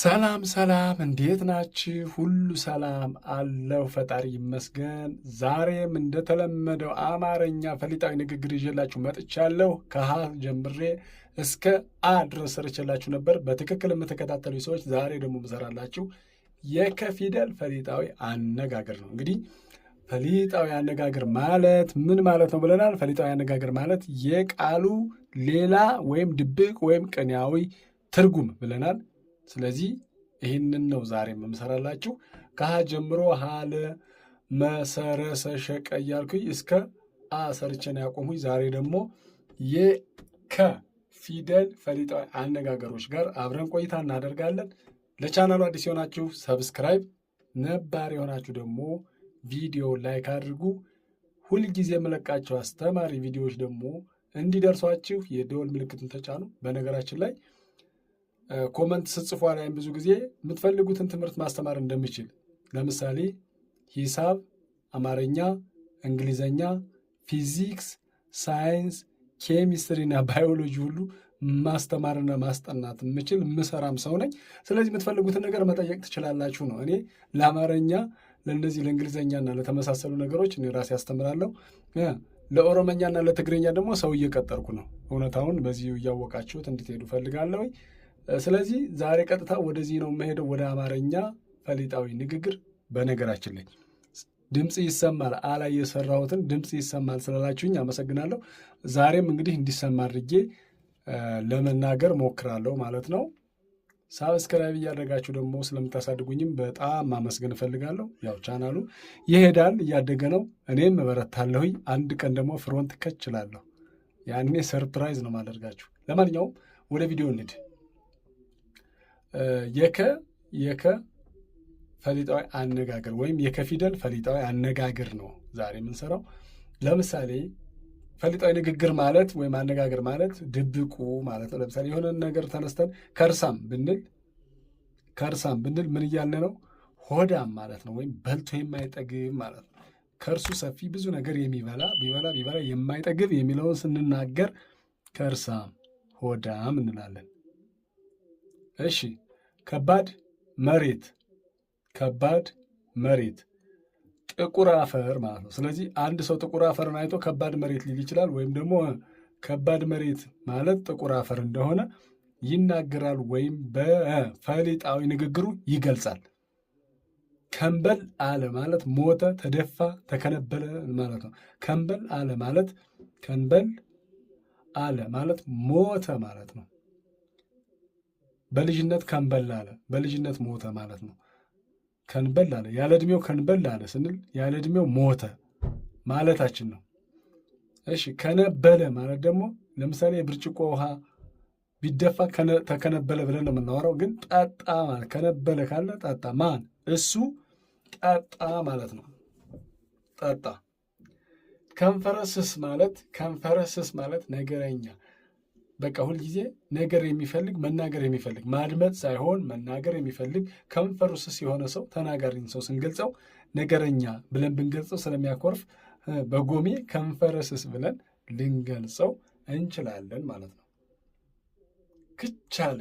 ሰላም ሰላም፣ እንዴት ናችሁ? ሁሉ ሰላም አለው፣ ፈጣሪ ይመስገን። ዛሬም እንደተለመደው አማርኛ ፈሊጣዊ ንግግር ይዤላችሁ መጥቻለሁ። ከሀ ጀምሬ እስከ አ ድረስ ሰርቼላችሁ ነበር በትክክል የምትከታተሉ ሰዎች። ዛሬ ደግሞ ምሰራላችሁ የከፊደል ፈሊጣዊ አነጋገር ነው። እንግዲህ ፈሊጣዊ አነጋገር ማለት ምን ማለት ነው ብለናል። ፈሊጣዊ አነጋገር ማለት የቃሉ ሌላ ወይም ድብቅ ወይም ቅኔያዊ ትርጉም ብለናል። ስለዚህ ይህንን ነው ዛሬ የምሰራላችሁ። ከሀ ጀምሮ ሀለ መሰረሰ ሸቀ እያልኩኝ እስከ አ ሰርቸን ያቆሙኝ። ዛሬ ደግሞ የከ ፊደል ፈሊጣዊ አነጋገሮች ጋር አብረን ቆይታ እናደርጋለን። ለቻናሉ አዲስ የሆናችሁ ሰብስክራይብ፣ ነባር የሆናችሁ ደግሞ ቪዲዮ ላይክ አድርጉ። ሁልጊዜ የምለቃቸው አስተማሪ ቪዲዮዎች ደግሞ እንዲደርሷችሁ የደወል ምልክትን ተጫኑ። በነገራችን ላይ ኮመንት ስጽፏ ላይም ብዙ ጊዜ የምትፈልጉትን ትምህርት ማስተማር እንደምችል ለምሳሌ ሂሳብ፣ አማርኛ፣ እንግሊዘኛ፣ ፊዚክስ፣ ሳይንስ፣ ኬሚስትሪና ባዮሎጂ ሁሉ ማስተማርና ማስጠናት የምችል ምሰራም ሰው ነኝ። ስለዚህ የምትፈልጉትን ነገር መጠየቅ ትችላላችሁ ነው። እኔ ለአማርኛ ለእነዚህ ለእንግሊዝኛና ለተመሳሰሉ ነገሮች እኔ ራሴ ያስተምራለሁ። ለኦሮመኛና ለትግርኛ ደግሞ ሰው እየቀጠርኩ ነው። እውነታውን በዚህ እያወቃችሁት እንድትሄዱ ፈልጋለሁኝ። ስለዚህ ዛሬ ቀጥታ ወደዚህ ነው የምሄደው፣ ወደ አማርኛ ፈሊጣዊ ንግግር። በነገራችን ላይ ድምፅ ይሰማል አላ የሰራሁትን ድምፅ ይሰማል ስላላችሁኝ አመሰግናለሁ። ዛሬም እንግዲህ እንዲሰማ አድርጌ ለመናገር ሞክራለሁ ማለት ነው። ሳብስክራይብ እያደረጋችሁ ደግሞ ስለምታሳድጉኝም በጣም ማመስገን እፈልጋለሁ። ያው ቻናሉ ይሄዳል እያደገ ነው፣ እኔም እበረታለሁኝ። አንድ ቀን ደግሞ ፍሮንት ከችላለሁ። ያኔ ሰርፕራይዝ ነው ማደርጋችሁ። ለማንኛውም ወደ ቪዲዮ እንሂድ። የከ የከ ፈሊጣዊ አነጋገር ወይም የከፊደል ፈሊጣዊ አነጋገር ነው ዛሬ የምንሰራው። ለምሳሌ ፈሊጣዊ ንግግር ማለት ወይም አነጋገር ማለት ድብቁ ማለት ነው። ለምሳሌ የሆነ ነገር ተነስተን ከርሳም ብንል ከርሳም ብንል ምን እያልን ነው? ሆዳም ማለት ነው። ወይም በልቶ የማይጠግብ ማለት ነው። ከእርሱ ሰፊ ብዙ ነገር የሚበላ ቢበላ ቢበላ የማይጠግብ የሚለውን ስንናገር ከርሳም ሆዳም እንላለን። እሺ ከባድ መሬት ከባድ መሬት ጥቁር አፈር ማለት ነው። ስለዚህ አንድ ሰው ጥቁር አፈርን አይቶ ከባድ መሬት ሊል ይችላል፣ ወይም ደግሞ ከባድ መሬት ማለት ጥቁር አፈር እንደሆነ ይናገራል ወይም በፈሊጣዊ ንግግሩ ይገልጻል። ከንበል አለ ማለት ሞተ፣ ተደፋ፣ ተከነበለ ማለት ነው። ከንበል አለ ማለት ከንበል አለ ማለት ሞተ ማለት ነው። በልጅነት ከንበል አለ፣ በልጅነት ሞተ ማለት ነው። ከንበል አለ፣ ያለ ዕድሜው ከንበል አለ ስንል ያለ ዕድሜው ሞተ ማለታችን ነው። እሺ ከነበለ ማለት ደግሞ ለምሳሌ የብርጭቆ ውሃ ቢደፋ ተከነበለ ብለን ነው የምናወራው። ግን ጠጣ ማለት ከነበለ ካለ ጠጣ ማን እሱ ጠጣ ማለት ነው። ጠጣ ከንፈረስስ ማለት ከንፈረስስ ማለት ነገረኛ በቃ ሁልጊዜ ነገር የሚፈልግ መናገር የሚፈልግ ማድመጥ ሳይሆን መናገር የሚፈልግ ከንፈሩ ስስ የሆነ ሰው ተናጋሪን ሰው ስንገልጸው ነገረኛ ብለን ብንገልጸው ስለሚያኮርፍ በጎሜ ከንፈረ ስስ ብለን ልንገልጸው እንችላለን ማለት ነው። ክቻለ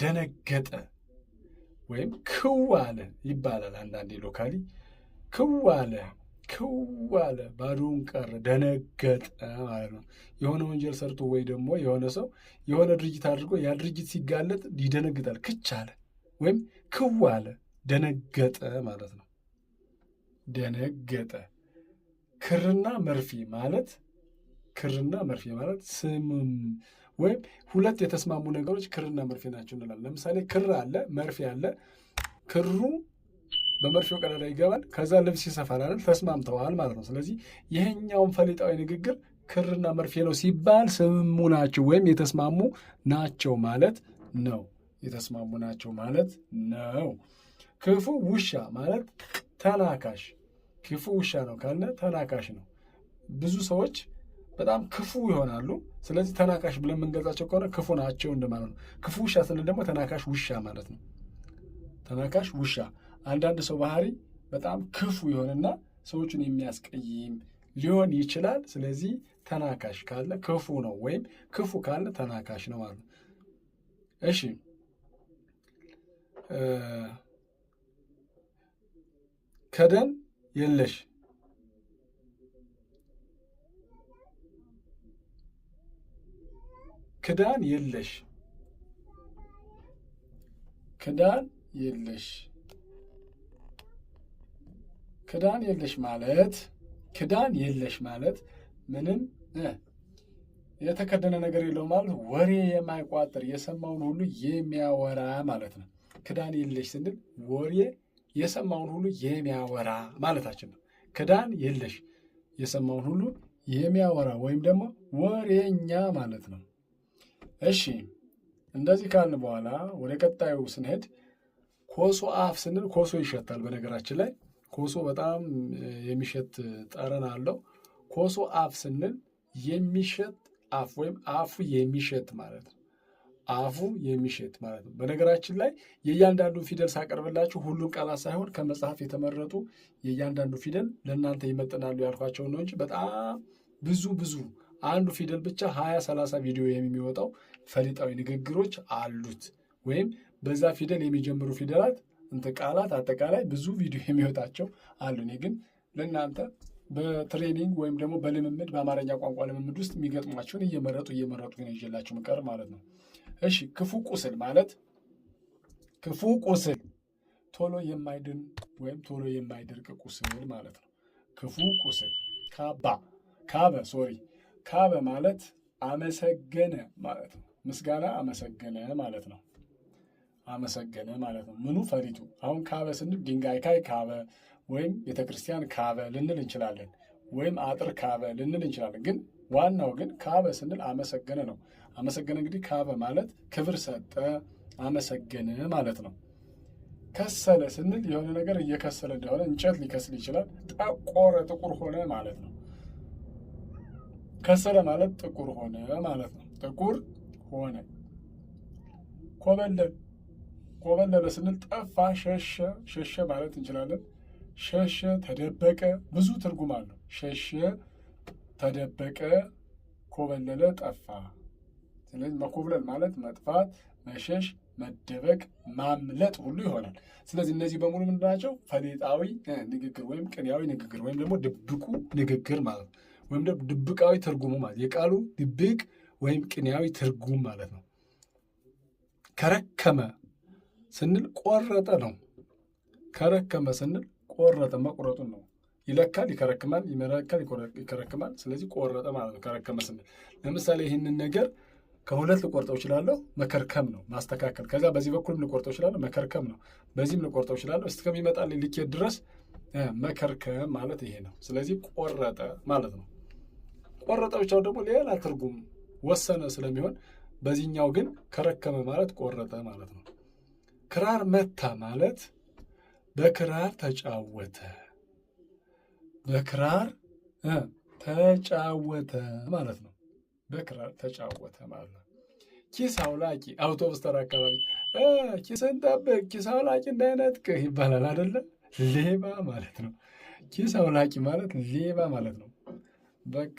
ደነገጠ ወይም ክዋለ ይባላል። አንዳንዴ ሎካሊ ክዋለ ክው አለ፣ ባዶውን ቀረ፣ ደነገጠ ማለት ነው። የሆነ ወንጀል ሰርቶ ወይ ደግሞ የሆነ ሰው የሆነ ድርጅት አድርጎ ያ ድርጅት ሲጋለጥ ይደነግጣል፣ ክች አለ ወይም ክው አለ፣ ደነገጠ ማለት ነው። ደነገጠ። ክርና መርፌ ማለት ክርና መርፌ ማለት ስምም ወይም ሁለት የተስማሙ ነገሮች ክርና መርፌ ናቸው እንላለን። ለምሳሌ ክር አለ፣ መርፌ አለ። ክሩ በመርፌው ቀዳዳ ይገባል። ከዛ ልብስ ይሰፋል አይደል? ተስማምተዋል ማለት ነው። ስለዚህ ይሄኛውን ፈሊጣዊ ንግግር ክርና መርፌ ነው ሲባል ስሙ ናቸው ወይም የተስማሙ ናቸው ማለት ነው። የተስማሙ ናቸው ማለት ነው። ክፉ ውሻ ማለት ተናካሽ፣ ክፉ ውሻ ነው ካለ ተናካሽ ነው። ብዙ ሰዎች በጣም ክፉ ይሆናሉ። ስለዚህ ተናካሽ ብለን የምንገልጻቸው ከሆነ ክፉ ናቸው እንደማለት ነው። ክፉ ውሻ ስንል ደግሞ ተናካሽ ውሻ ማለት ነው። ተናካሽ ውሻ አንዳንድ ሰው ባህሪ በጣም ክፉ ይሆንና ሰዎችን የሚያስቀይም ሊሆን ይችላል። ስለዚህ ተናካሽ ካለ ክፉ ነው ወይም ክፉ ካለ ተናካሽ ነው ነው። እሺ ከደን የለሽ ክዳን የለሽ ክዳን የለሽ ክዳን የለሽ ማለት ክዳን የለሽ ማለት ምንም የተከደነ ነገር የለው ማለት ወሬ የማይቋጥር የሰማውን ሁሉ የሚያወራ ማለት ነው። ክዳን የለሽ ስንል ወሬ የሰማውን ሁሉ የሚያወራ ማለታችን ነው። ክዳን የለሽ የሰማውን ሁሉ የሚያወራ ወይም ደግሞ ወሬኛ ማለት ነው። እሺ እንደዚህ ካልን በኋላ ወደ ቀጣዩ ስንሄድ ኮሶ አፍ ስንል ኮሶ ይሸታል። በነገራችን ላይ ኮሶ በጣም የሚሸት ጠረን አለው። ኮሶ አፍ ስንል የሚሸት አፍ ወይም አፉ የሚሸት ማለት ነው። አፉ የሚሸት ማለት ነው። በነገራችን ላይ የእያንዳንዱ ፊደል ሳቀርብላችሁ ሁሉም ቃላት ሳይሆን ከመጽሐፍ የተመረጡ የእያንዳንዱ ፊደል ለእናንተ ይመጥናሉ ያልኳቸውን ነው እንጂ በጣም ብዙ ብዙ አንዱ ፊደል ብቻ ሀያ ሰላሳ ቪዲዮ የሚወጣው ፈሊጣዊ ንግግሮች አሉት ወይም በዛ ፊደል የሚጀምሩ ፊደላት እንትን ቃላት አጠቃላይ ብዙ ቪዲዮ የሚወጣቸው አሉ። እኔ ግን ለእናንተ በትሬኒንግ ወይም ደግሞ በልምምድ በአማርኛ ቋንቋ ልምምድ ውስጥ የሚገጥሟቸውን እየመረጡ እየመረጡ ግን ይዤላችሁ ምቀር ማለት ነው። እሺ ክፉ ቁስል ማለት ክፉ ቁስል ቶሎ የማይድን ወይም ቶሎ የማይደርቅ ቁስል ማለት ነው። ክፉ ቁስል ካባ ካበ ሶሪ ካበ ማለት አመሰገነ ማለት ነው። ምስጋና አመሰገነ ማለት ነው። አመሰገነ ማለት ነው። ምኑ ፈሪቱ አሁን ካበ ስንል ድንጋይ ካይ ካበ ወይም ቤተክርስቲያን ካበ ልንል እንችላለን፣ ወይም አጥር ካበ ልንል እንችላለን። ግን ዋናው ግን ካበ ስንል አመሰገነ ነው። አመሰገነ እንግዲህ ካበ ማለት ክብር ሰጠ፣ አመሰገነ ማለት ነው። ከሰለ ስንል የሆነ ነገር እየከሰለ እንደሆነ እንጨት ሊከስል ይችላል። ጠቆረ፣ ጥቁር ሆነ ማለት ነው። ከሰለ ማለት ጥቁር ሆነ ማለት ነው። ጥቁር ሆነ። ኮበለል ኮበለለ ስንል ጠፋ፣ ሸሸ። ሸሸ ማለት እንችላለን። ሸሸ፣ ተደበቀ፣ ብዙ ትርጉም አለው። ሸሸ፣ ተደበቀ፣ ኮበለለ፣ ጠፋ። ስለዚህ መኮብለል ማለት መጥፋት፣ መሸሽ፣ መደበቅ፣ ማምለጥ ሁሉ ይሆናል። ስለዚህ እነዚህ በሙሉ ምንድን ናቸው? ንግግር ወይም ቅኔያዊ ንግግር ወይም ደግሞ ድብቁ ንግግር ማለት ነው። ወይም ደግሞ ድብቃዊ ትርጉሙ ማለት የቃሉ ድብቅ ወይም ቅኔያዊ ትርጉም ማለት ነው። ከረከመ ስንል ቆረጠ ነው። ከረከመ ስንል ቆረጠ መቁረጡን ነው። ይለካል፣ ይከረክማል፣ ይመለካል፣ ይከረክማል። ስለዚህ ቆረጠ ማለት ነው። ከረከመ ስንል ለምሳሌ ይህንን ነገር ከሁለት ልቆርጠው እችላለሁ። መከርከም ነው ማስተካከል። ከዛ በዚህ በኩልም ልቆርጠው እችላለሁ፣ መከርከም ነው። በዚህም ልቆርጠው እችላለሁ፣ እስከሚመጣልኝ ልኬት ድረስ መከርከም ማለት ይሄ ነው። ስለዚህ ቆረጠ ማለት ነው። ቆረጠ ብቻው ደግሞ ሌላ ትርጉም ወሰነ ስለሚሆን፣ በዚህኛው ግን ከረከመ ማለት ቆረጠ ማለት ነው። ክራር መታ ማለት በክራር ተጫወተ በክራር ተጫወተ ማለት ነው። በክራር ተጫወተ ማለት ነው። ኪስ አውላቂ አውቶቡስ ተራ አካባቢ ኪስን ጠብቅ፣ ኪስ አውላቂ እንዳይነጥቅህ ይባላል አይደለ? ሌባ ማለት ነው። ኪስ አውላቂ ማለት ሌባ ማለት ነው። በቃ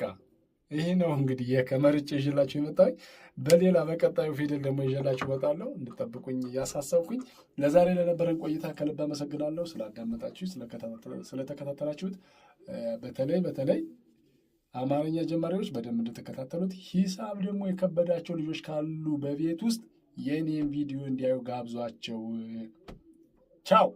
ይህ ነው እንግዲህ ከመርጬ ይዤላችሁ የመጣሁኝ። በሌላ በቀጣዩ ፊደል ደግሞ ይዤላችሁ እመጣለሁ። እንድጠብቁኝ እያሳሰብኩኝ ለዛሬ ለነበረን ቆይታ ከልብ አመሰግናለሁ። ስላዳመጣችሁ፣ ስለተከታተላችሁት በተለይ በተለይ አማርኛ ጀማሪዎች በደንብ እንድትከታተሉት፣ ሂሳብ ደግሞ የከበዳቸው ልጆች ካሉ በቤት ውስጥ የእኔን ቪዲዮ እንዲያዩ ጋብዟቸው። ቻው